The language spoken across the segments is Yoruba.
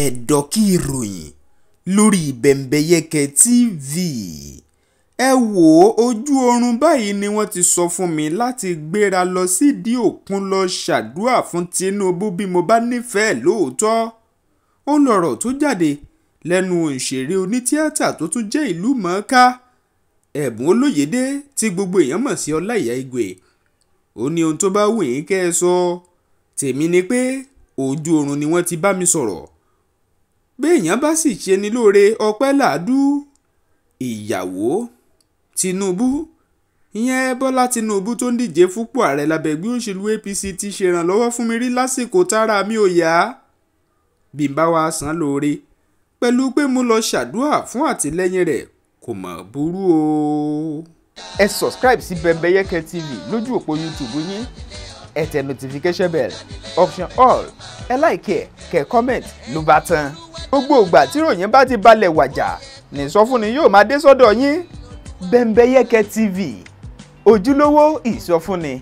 ẹ̀dọ̀kí ìròyìn lórí bẹ̀ǹbẹ̀yẹkẹ tv ẹ wò ó ojú oorun báyìí ni wọ́n ti sọ fún mi láti gbéra lọ sídìí òkun lọ ṣàdúrà fún tinubu bí mo bá nífẹ̀ẹ́ lóòótọ́ ó lọ̀rọ̀ tó jáde lẹ́nu òṣèré onítíátà tó tún jẹ́ ìlú mọ̀ọ́ká ẹ̀bùn olóyèdè tí gbogbo èèyàn mọ̀ sí ọláìyá igwe ó ní ohun tó bá wù yín kẹ́ ẹ sọ tèmi ni pé ojú oorun ni wọ́n ti bá mi sọ̀rọ̀ béèyàn bá sì ṣe ni lóore ọpẹ́ làádú ìyàwó Tinubu ìyẹn Bọ́lá Tinubu tó ń díje fúnpò ààrẹ lábẹ́gbẹ́ òṣèlú APC ti ṣèrànlọ́wọ́ fún mi rí lásìkò tára mi ò yá bí wa san lóore pẹ̀lú pé mo lọ ṣàdúrà fún àtìlẹ́yìn rẹ̀ kò mọ̀ burú o. ẹ subscribe sí Bembeyeke TV lójú òpó YouTube yín ẹ notification bell option all ẹ láìkẹ́ kẹ́ comment ló bá tán gbogbo ìgbà tí ròyìn bá ti balẹ̀ wàjà ní ìsọfúnni yóò máa dé sọ́dọ̀ yín Bembeyeke TV ojúlówó ìsọfúnni.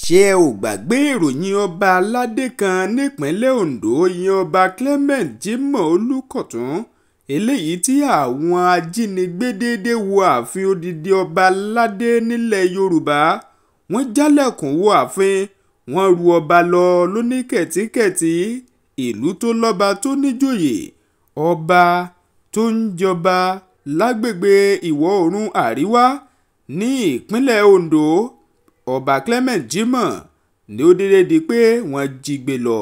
ṣé ẹ ò gbàgbé ìròyìn ọba aládé kan nípínlẹ̀ Ondo ìyẹn ọba Clement Jimoh Olúkọ̀tún eléyìí tí àwọn ajínigbé déédé wọ ààfin odidi ọba aládé nílẹ̀ Yorùbá wọ́n jálẹ̀kùn wọ ààfin wọ́n ru ọba lọ lóníkẹ̀tíkẹ̀tí ìlú tó lọ́ba tó níjòyè ọba tó ń jọba lágbègbè ìwọ̀-oòrùn àríwá ní ìpínlẹ̀ ondo ọba clement jimoh ni ó déédé di pé wọ́n jí gbé lọ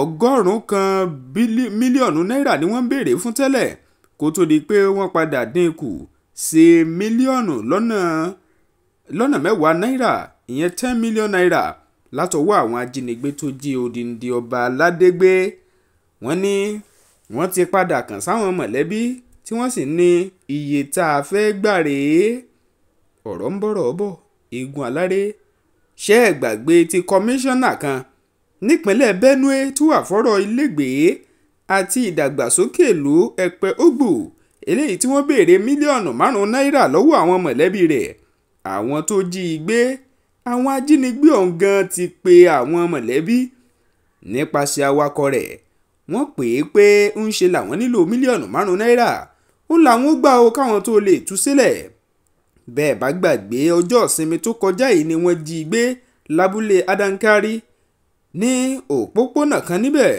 ọgọ́rùn-ún kan mílíọ̀nù náírà ni wọ́n ń béèrè fún tẹ́lẹ̀ kó tó di pé wọ́n padà dín kù sí mílíọ̀nù lọ́nà mẹ́wàá náírà ìyẹn ten million naira látọwọ́ àwọn ajínigbé tó jí odindi ọba aládégbé wọ́n ní wọ́n ti padà kàn sáwọn mọ̀lẹ́bí tí wọ́n sì ní iye tá a fẹ́ gbà rèé ọ̀rọ̀ ń bọ̀rọ̀ bọ̀ eégún aláré ṣẹ́ ẹ̀ gbàgbé ti kọmíṣánná kan nípínlẹ̀ Benue tí wà fọ́rọ̀ ilégbèé àti ìdàgbàsókè ìlú ẹ̀pẹ́ ogbò eléyìí tí wọ́n béèrè mílíọ̀nù márùn-ún náírà lọ́wọ́ àwọn mọ̀lẹ́bí rẹ̀ àwọn tó jí i gbé àwọn ajínigbé ọ̀hún ti pe àwọn mọ̀lẹ́bí nípasẹ̀ awakọ̀ rẹ̀ wọ́n pè é pé ń ṣe làwọn nílò mílíọ̀nù márùn-ún náírà ó làwọn ó gbà ó káwọn tó lè tú sílẹ̀ bẹ́ẹ̀ bá gbàgbé ọjọ́ ìsinmi tó kọjá yìí ni wọ́n jí gbé lábúlé adankari ní òpópónà kan níbẹ̀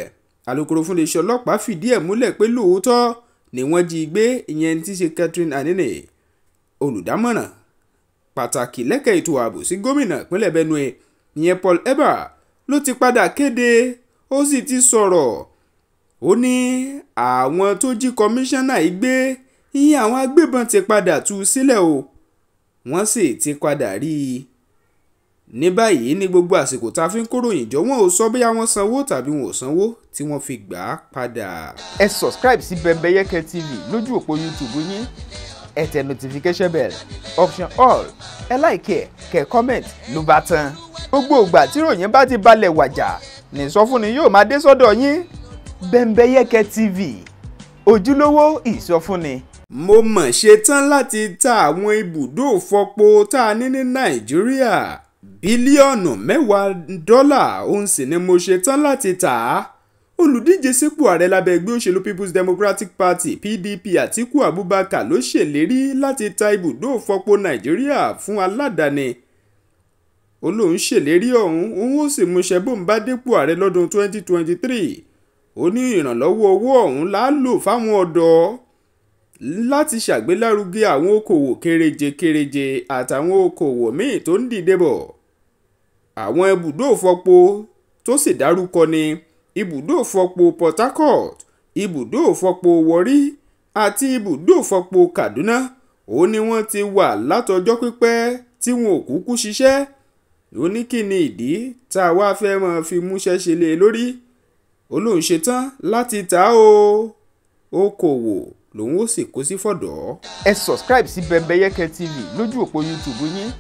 alūkkóró fún iléeṣẹ́ ọlọ́pàá fìdí ẹ̀ múlẹ̀ pé lóòótọ́ ni wọ́n jí gbé ìyẹn tí ṣe Catherine Anini olùdámọ̀ràn pàtàkì lẹ́ka ètò ààbò sí gómìnà ìpínlẹ̀ Benue ìyẹn Paul Eba ló ti padà kéde ó sì ti sọ̀rọ̀ ó ní àwọn tó jí kọmíṣánná yìí gbé iye àwọn agbébọn ti padà tú sílẹ̀ o wọ́n sì ti padà rí i ní báyìí ní gbogbo àsìkò tá a fi ń kóròyìn jọ wọn ò sọ bóyá wọ́n sanwó tàbí wọn ò sanwó tí wọ́n fi gbà á padà. ẹ subscribe sí Bembeyeke TV lójú òpó YouTube yín ẹ tẹ notification bell option all ẹ láìkẹ kẹ comment ló bá tán gbogbo ìgbà tí ìròyìn bá ti balẹ̀ wàjà nìsọfúnni yóò máa dé sọ́dọ̀ yín bẹ́ńbẹ́yẹ́kẹ́ tv ojúlówó ìsọfúnni. mo mọ̀ ṣe tán láti ta àwọn ibùdó òfọpo tá a ní ní nàìjíríà bílíọ̀nù mẹ́wàá dọ́là òun sì ni mo ṣe tán láti tà á olùdíje sípò ààrẹ lábẹ́ ẹgbẹ́ òṣèlú people's democratic party pdp àtiku abubakar ló ṣèlérí láti ta ibùdó òfọpo nàìjíríà fún aládàáni ó lóun ṣèlérí ọ̀hún òun ó sì múṣẹ bóun bá dépò ààrẹ lọ́dún 2023 ó ní ìrànlọ́wọ́ owó ọ̀hún la lò fáwọn ọ̀dọ́ láti ṣàgbélárugẹ àwọn okòwò kéréje kéréje àtàwọn okòwò míì tó ń dìde bọ̀ àwọn ibùdó òfọpo tó sì dárúkọ ni ibùdó òfọpo Port Harcourt ibùdó òfọpo Warri àti ibùdó òfọpo Kaduna ó ní wọ́n ti wà látọjọ́ pípẹ́ tí wọn ò kúkú ṣiṣẹ́ ó ní kí ni ìdí tá a wá fẹ́ máa fi múṣẹ́ ṣe lé e lórí ó lóun ṣetán láti ta ó okòwò lòun ó sì kó sí fọ̀dọ̀. ẹ subscribe sí Bembeyeke TV lójú òpó YouTube yín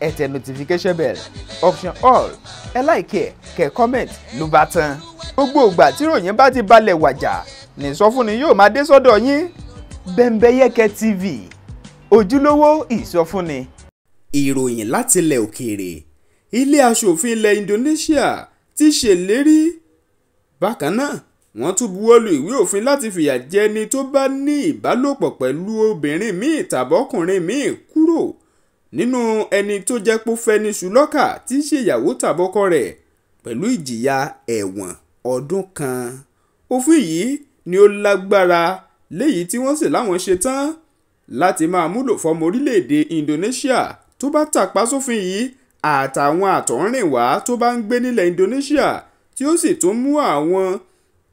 ẹ tẹ notification bell option all ẹ láìkí ẹ kẹ comment ló bá tán. gbogbo ìgbà tí ròyìn bá ti balẹ̀ wàjà ní ìsọfúnni yóò máa dé sọ́dọ̀ yín Bembeyeke TV ojúlówó ìsọfúnni. ìròyìn látilẹ̀ òkèèrè ilé aṣòfin ilẹ̀ Indonesia ti ṣèlérí bákan náà wọ́n tún buwọ́ lu ìwé òfin láti fìyà jẹ ẹni tó bá ní ìbálòpọ̀ pẹ̀lú obìnrin míì tàbọ́kùnrin míì kúrò nínú ẹni tó jẹ́ pó fẹ́ni ṣùlọ́kà tí í ṣe ìyàwó tàbọ́kọ rẹ̀ pẹ̀lú ìjìyà ẹ̀wọ̀n ọdún kan òfin yìí ni ó lágbára léyìí tí wọ́n sì láwọn ṣe tán láti máa múlò fọmọ orílẹ̀-èdè Indonesia tó bá tàpá sófin yìí àtàwọn àtọ̀rìnwá tó bá ń gbé nílẹ̀ Indonesia tí ó sì tún mú àwọn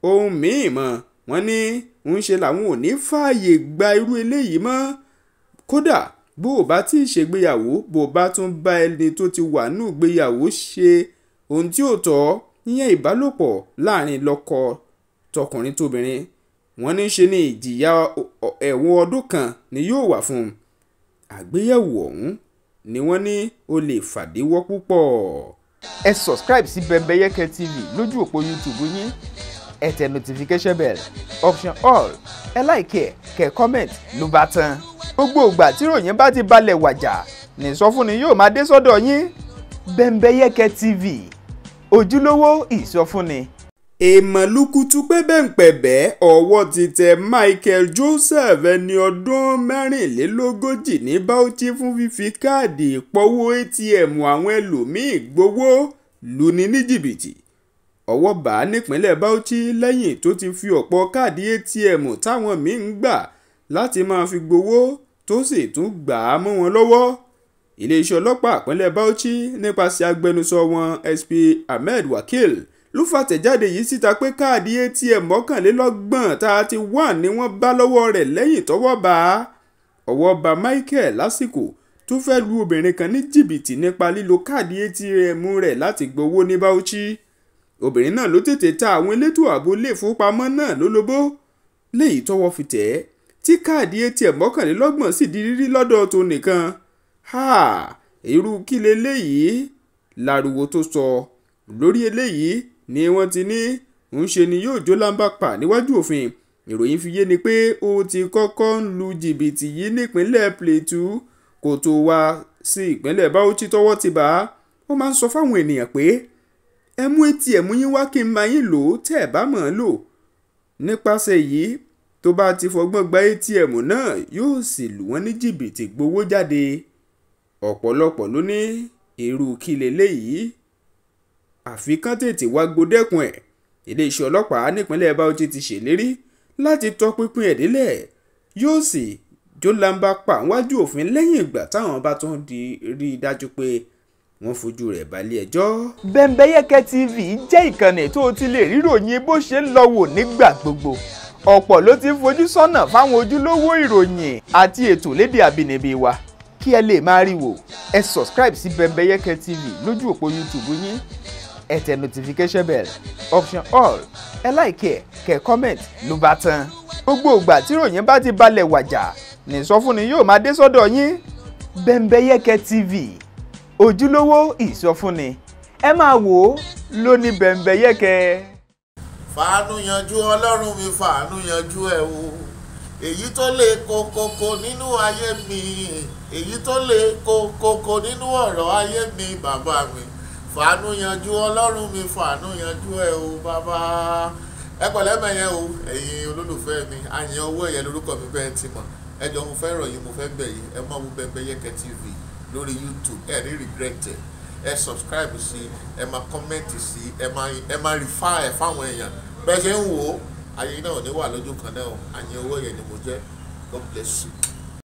ohun míì mọ́ wọ́n ní ń ṣe làwọn ò ní fààyè gba irú eléyìí mọ́ kódà bó o bá tí ì ṣègbéyàwó bó o bá tún bá ẹni tó ti wà nù gbéyàwó ṣe ohun tí ò tọ́ yíyan ìbálòpọ̀ láàrin lọ́kọ tọkùnrin tóbìnrin wọ́n ní ṣe ni ìjìyà ẹ̀wọ̀n ọdún kan ni yóò wà fún un àgbéyẹ̀wò ọ̀hún ni wọ́n ní ó lè fàdíwọ́ púpọ̀ ẹ subscribe sí Bembeyeke TV lójú òpó YouTube yín ẹ tẹ notification bell option all ẹ like ẹ kẹ comment ló bá tán gbogbo ìgbà tí ròyìn bá ti balẹ̀ wàjà ní ìsọfúnni yóò máa dé sọ́dọ̀ yín Bembeyeke TV ojúlówó ìsọfúnni èèmọ̀lùkùtù pẹ́bẹ́ǹpẹ̀bẹ́ ọwọ́ ti tẹ michael joseph ẹni ọdún mẹ́rìnlélógójì ní bauchi fún fífi káàdì ìpọ́wó atm àwọn ẹlòmíín gbowó lùní ní jìbìtì ọwọ́ bá a nípínlẹ̀ bauchi lẹ́yìn tó ti fi ọ̀pọ̀ káàdì atm táwọn míín ń gbà láti máa fi gbowó tó sì tún gbà á mọ́ wọn lọ́wọ́ iléeṣẹ́ ọlọ́pàá ìpínlẹ̀ bauchi nípasẹ̀ agbẹnusọ wọn sp ahmed wakil ló fàtẹ̀jáde yìí síta pé káàdì atm mọ́kànlélọ́gbọ̀n thirty one ni wọ́n bá lọ́wọ́ rẹ̀ lẹ́yìn tọ́wọ́ bá a ọwọ́ bá Michael lásìkò tó fẹ́ lu obìnrin kan ní jìbìtì nípa lílo káàdì atm rẹ̀ láti gbowó ní Bauchi obìnrin náà ló tètè ta àwọn elétò ààbò ilé ìfowópamọ́ náà lólobó léyìí tọ́wọ́ fi tẹ̀ ẹ́ tí káàdì atm mọ́kànlélọ́gbọ̀n sì di rírí lọ́dọ̀ tó nìkan ha irú kí leléyìí lárúwo tó sọ lórí eléyìí ni wọ́n ti ní ń ṣe ni yóò jó lámbà pa níwájú òfin ìròyìn fi yé ni pé ó ti kọ́kọ́ ń lu jìbìtì yìí nípínlẹ̀ Plateau kó tó wá sí ìpínlẹ̀ Bauchi tọ́wọ́ ti bá ó máa ń sọ fáwọn ènìyàn pé ẹ mú ATM yín wá kí n máa yín lò ó tẹ́ ẹ bá mọ̀ ọ́n lò nípasẹ̀ yìí tó bá ti fọgbọ́n gba ATM náà yóò sì lù wọ́n ní jìbìtì gbowó jáde ọ̀pọ̀lọpọ̀ ló ní irú kí leléyìí àfi kán tètè wá gbódẹ́kun ẹ̀ iléeṣẹ́ ọlọ́pàá nípínlẹ̀ Bauchi ti ṣèlérí láti tọpinpin ẹ̀ délẹ̀ yóò sì jólamba pa wájú òfin lẹ́yìn ìgbà táwọn bá tún rí i dájú pé wọ́n fojú rẹ̀ balẹ̀ ẹjọ́. Bẹ́mbẹ́yẹ́kẹ́ TV jẹ́ ìkànnì tó ti lè ríròyìn bó ṣe ń lọ wò nígbà gbogbo ọ̀pọ̀ ló ti ń fojú sọ́nà fáwọn ojúlówó ìròyìn àti ètò lédè àbínibí wa kí ẹ lè máa rí wò ẹ subscribe sí Bẹ́mbẹ́yẹ́kẹ́ TV lójú òpó YouTube yín ẹ notification bell option all ẹ like ẹ comment ló bá tán. gbogbo ìgbà tí ròyìn bá ti balẹ̀ wàjà ní ìsọfúnni yóò máa dé sọ́dọ̀ yín Bembeyeke TV ojúlówó ìsọfúnni ẹ máa wò ó lóní Bembeyeke. fàánú yanjú ọlọ́run mi fàánú yanjú ẹ o èyí tó lè kokoko nínú ayé mi èyí tó lè kokoko nínú ọ̀rọ̀ ayé mi bàbá mi fàánú yanjú ọlọ́run mi fàánú yanjú ẹ o bàbá ẹ pẹ̀lẹ́ mẹ́yẹn o ẹ̀yin olólùfẹ́ mi àyàn owó ẹ̀yẹ lórúkọ mi bẹ́ẹ̀ ti mọ̀ ẹ jọ mo fẹ́ rọ̀ yín mo fẹ́ bẹ̀ yín ẹ máa wo Bembeyeke TV lórí YouTube ẹ ní regret ẹ ẹ subscribe sí ẹ máa comment sí ẹ máa ẹ máa refer ẹ fáwọn èèyàn bẹ́ẹ̀ ṣe ń wò ó ayé náà ò ní wà lójú kan náà àyàn owó ẹ̀yẹ ni mo jẹ́ God bless you.